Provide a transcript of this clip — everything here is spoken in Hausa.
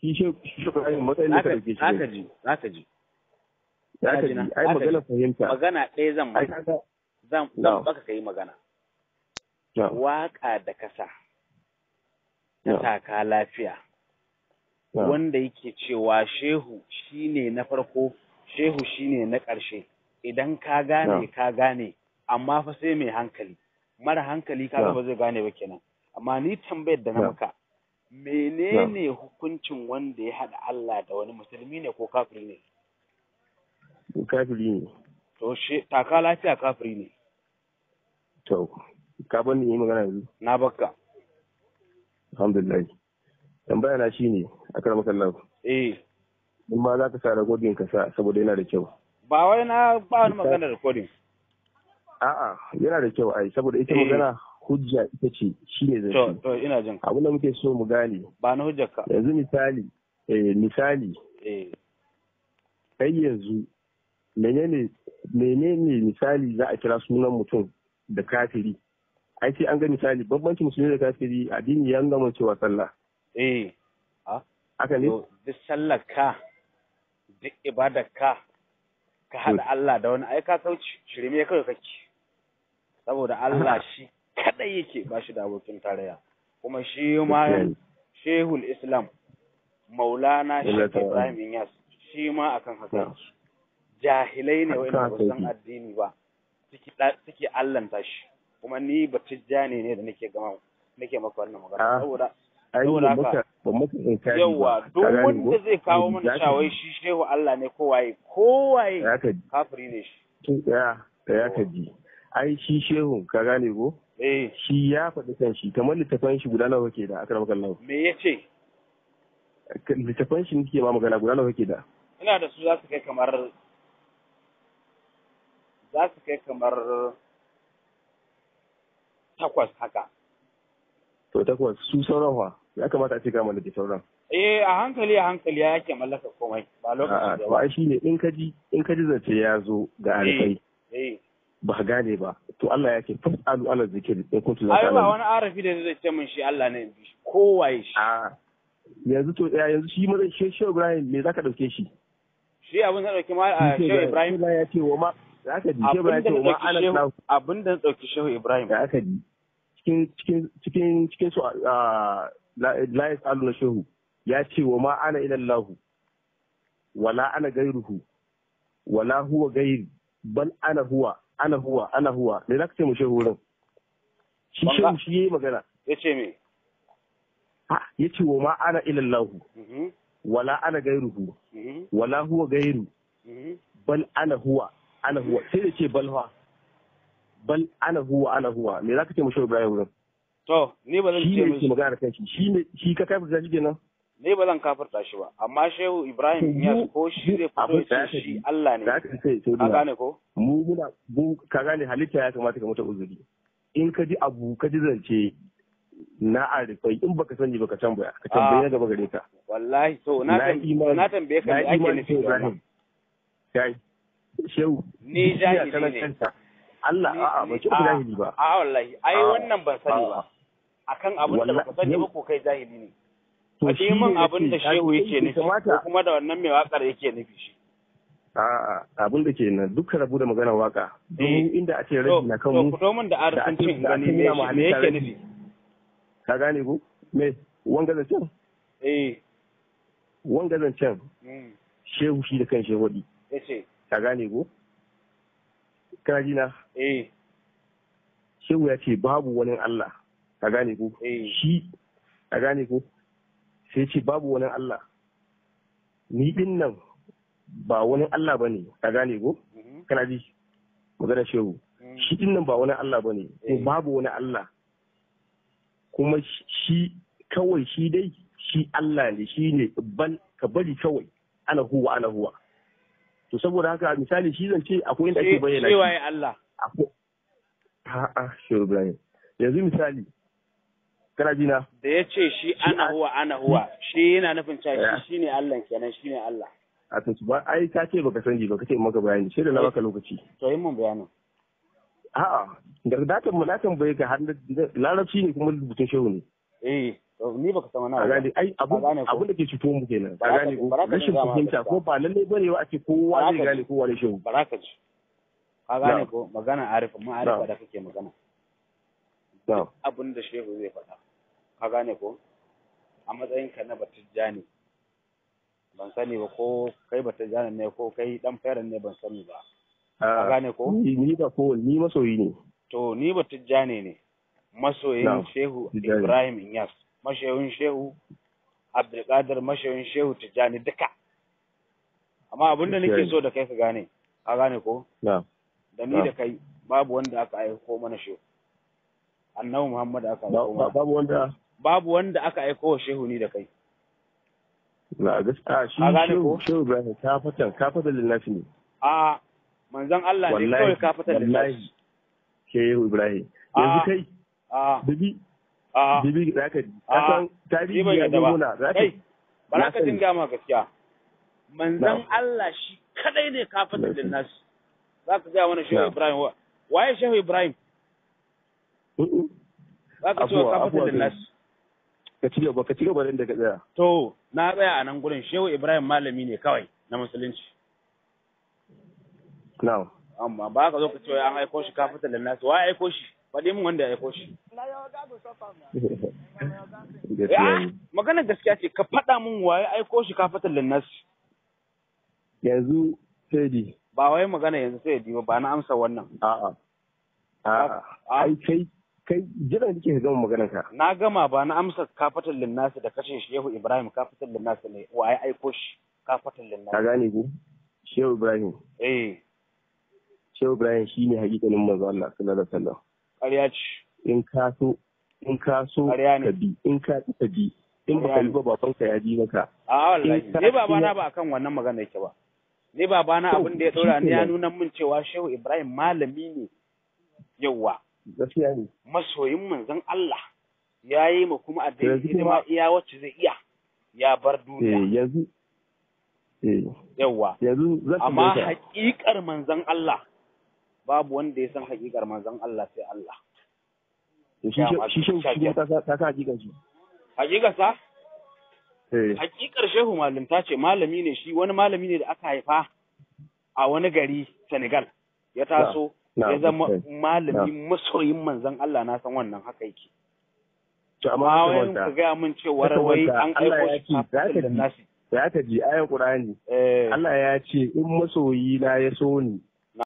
shi shi Ibrahim matsayin da ka shi aka ji aka ji aka ji ai magana fahimta magana ɗaya zan maka zan zan baka kai magana Waƙa da kasa ta ka lafiya wanda yake cewa shehu shine na farko shehu shine na ƙarshe idan ka gane ka gane amma fa sai mai hankali mara hankali ka ba zai gane ba kenan amma ni tambayar da na maka menene hukuncin wanda ya haɗa Allah da wani musulmi ne ko kafiri ne? Kafiri ne. To shi taka lafiya kafiri ne. To, ka bani yi magana yanzu? Na bakka. Alhamdulillah. Tambaya na shi ne a kan masallar Eh. In ma za ka sa ragodin ka sa saboda yana da kyau. Ba wai na ba wani magana da kodin. A'a, yana da kyau ai saboda ita eh. magana hujja ita ce shi ne zai to ina jin abin da muke so mu gane ba na hujjar ka yanzu misali eh misali eh kai yanzu menene menene misali za a kira sunan mutum da kafiri ai sai an ga misali bambancin musulmi da kafiri addini ya nuna cewa sallah eh a ne duk sallar ka duk ibadar ka ka haɗa Allah da wani ai ka kauce shirme kawai kake saboda Allah shi kadai yake ba shi da abokin tarayya kuma shi ma shehul islam maulana sheikh ibrahim yas shi ma akan haka jahilai ne wa'inda ba san addini ba suke allanta shi kuma ni ba tijjani ne da nake gama nake maka wannan magana ah. saboda saboda duk wanda zai kawo mana shawai shi shehu Allah ne kowaye kowaye kafiri ne shi ya ka ji ai shi shehu ka gane ko Eh. shi ya faɗi kan shi kamar littafan shi guda nawa kake da akram kallahu me yace littafan shi nake ma magana guda nawa kake da ina da su za su kai kamar za su kai kamar takwas haka to takwas su sauran ya kamata a ce ga mallaki sauran eh a hankali a hankali ya yake mallaka komai ba lokacin da ba shi ne in kaji in kaji zance ya zo ga alfai eh, eh. ba gane ba to Allah ya ke fasalu ala zikiri in kuntum zaka ta'lamun ba wani arafi da zai ce mun shi Allah ne kowaye shi yanzu to yanzu shi mazan shi shi Ibrahim me zaka dauke shi shi abun da dauke ma shi Ibrahim Allah ya ce wa ma zaka ji shi Ibrahim ya ce wa ma Allah Abun da dauke shi Ibrahim zaka ji cikin cikin cikin cikin su la yasalu na Shehu ya ce wa ma ana ila Allah wala ana gairuhu wala huwa gairi bal ana huwa ana huwa ana huwa me za ka ce mu shehu wurin shi shehu shi yayi magana ya ce me ya ce wa ma ana ilallahu mhm. wala ana gairuhu mhm. wala huwa gairu mhm. bal ana huwa ana huwa sai da ce bal ha bal ana huwa ana huwa me za ka ce mu shehu ibrahim wurin to ni ba zan ce shi ne magana da shi ne shi ka kai da shi kenan ne ba zan kafirta shi ba amma shehu ibrahim ya ko shi zai fito ya shi Allah ne ka gane ko mu muna ka gane halitta ya kamata ka mutu uzuri in ka ji abu ka ji zance na arifai in baka sani baka tambaya ka tambaye na gaba gare ka wallahi to na na tambaye ka ake nufi ibrahim kai shehu ni jahili ne Allah a'a ba ki jahili ba a'a wallahi ai wannan ban sani ba akan abin da baka sani ba ko kai jahili ne Faɗi min abin da shehu yake nufi ko kuma da wannan mai waƙar yake nufi shi. A'a abin da ke nan duk rabu da maganar waƙa. Duk eh, inda a ce rabi na kan mu. Ku domin da arzikin cin gani me yake nufi. Ka gane ku? Me wanga zancen? Eh. Wanga zancen. Hmm. Shehu shi da kan shehudi. Yace. Ka gane ku? Kana ji Eh. Shehu ya ce babu wani Allah. Ka gane ku? Eh. Shi. Ka gane ku? sai ce babu wani Allah ni din nan ba wani Allah ba ne ka gane ko mhm. kana ji magana shehu mhm. shi din nan ba wani Allah ba ne ko eh. babu wani Allah kuma shi kawai shi dai shi Allah ne shi ne ban ka bari kawai ana huwa ana huwa to saboda haka misali shi zance akwai inda ake bayyana shi Allah a'a shehu Ibrahim yanzu misali kana na da ya ce shi ana huwa ana huwa shi yana nufin cewa shi ne Allah kenan shi ne Allah a to ba ai ka ce baka sanji baka ce maka bayani shi da na eh. maka lokaci to yi mun bayani a'a da datan mu latan bai ka har larabci ne kuma rubutun shehu ne eh ni baka sama na gane ai abu da ke cuto mu kenan ba gane ko rashin fahimta ko ba lalle bane ba a ce kowa zai gane kowa ne shehu baraka ji ka gane ko magana arifa arifa da kake magana abun da shehu zai faɗa ka gane ko a matsayin ka na batijja ne ban sani ba ko kai batijja ne ko kai dan fairan ne ban sani ba ka gane ko ni da ko ni masoyi ne to ni batijja ne ne masoyin shehu ibrahim inyas mashayin shehu abdulkadir mashayin shehu tijjani duka amma abin da nake so da kai ka gane ka gane ko da ni da kai babu wanda aka aiko mana shehu annabi muhammad aka aiko mana babu wanda babu wanda aka aiko wa shehu ni da kai na gaskiya shi shehu shehu Ibrahim ta fatan ka fatan lillahi ne a manzon Allah ne kawai ka fatan lillahi shehu Ibrahim yanzu kai a bibi a bibi zaka kasan tarihi ya za ka. ba za ka dinga ma gaskiya manzon Allah shi kadai ne ka fatan lillahi za ka ga mana shehu Ibrahim waye shehu Ibrahim za ka ce ka fatan lillahi ka ci gaba ka ci gaba da ka tsaya to na tsaya a nan gurin shehu ibrahim malami ne kawai na musulunci na'am amma ba ka zo ka ce an aiko shi kafin da nasu wa aiko shi faɗi min wanda ya aiko shi magana gaskiya ce ka faɗa min waye aiko shi kafin da nasu yanzu sai ba wai magana yanzu sai ba na amsa wannan a'a a'a ai kai kai jiran kike gama maganar ka na gama ba na amsa kafatul linnasi da kashe shehu ibrahim kafatul linnasi ne wa ai aiko shi kafatul linnasi ka gane ku shehu ibrahim eh shehu ibrahim shine hakikanin manzo Allah sallallahu alaihi wasallam ƙarya ce in ka so in ka so ka bi in ka ka bi in ba ka yi ba baban ka ya ji maka a wallahi ne babana ba akan wannan magana yake ba ne babana abin da ya daura ne ya nuna min cewa shehu ibrahim malami ne yauwa gaskiya ne masoyin manzon Allah ya yi ma kuma a hidima iya wacce zai iya ya bar duniya eh, yanzu eh. yawa yanzu amma haƙiƙar manzon Allah babu wanda ya san haƙiƙar manzon Allah sai Allah eh, shi shi shi ta ta haƙiƙar shi haƙiƙar sa Hakikar Shehu ta ce malami ne shi wani malami ne da aka haifa a wani gari Senegal ya taso ya zama malami masoyin manzan Allah na san wannan haka yake to amma wai ka gaya mun cewa wai an aiko shi ta ji ayar Qur'ani eh. Allah ya ce in masoyi na ya so ni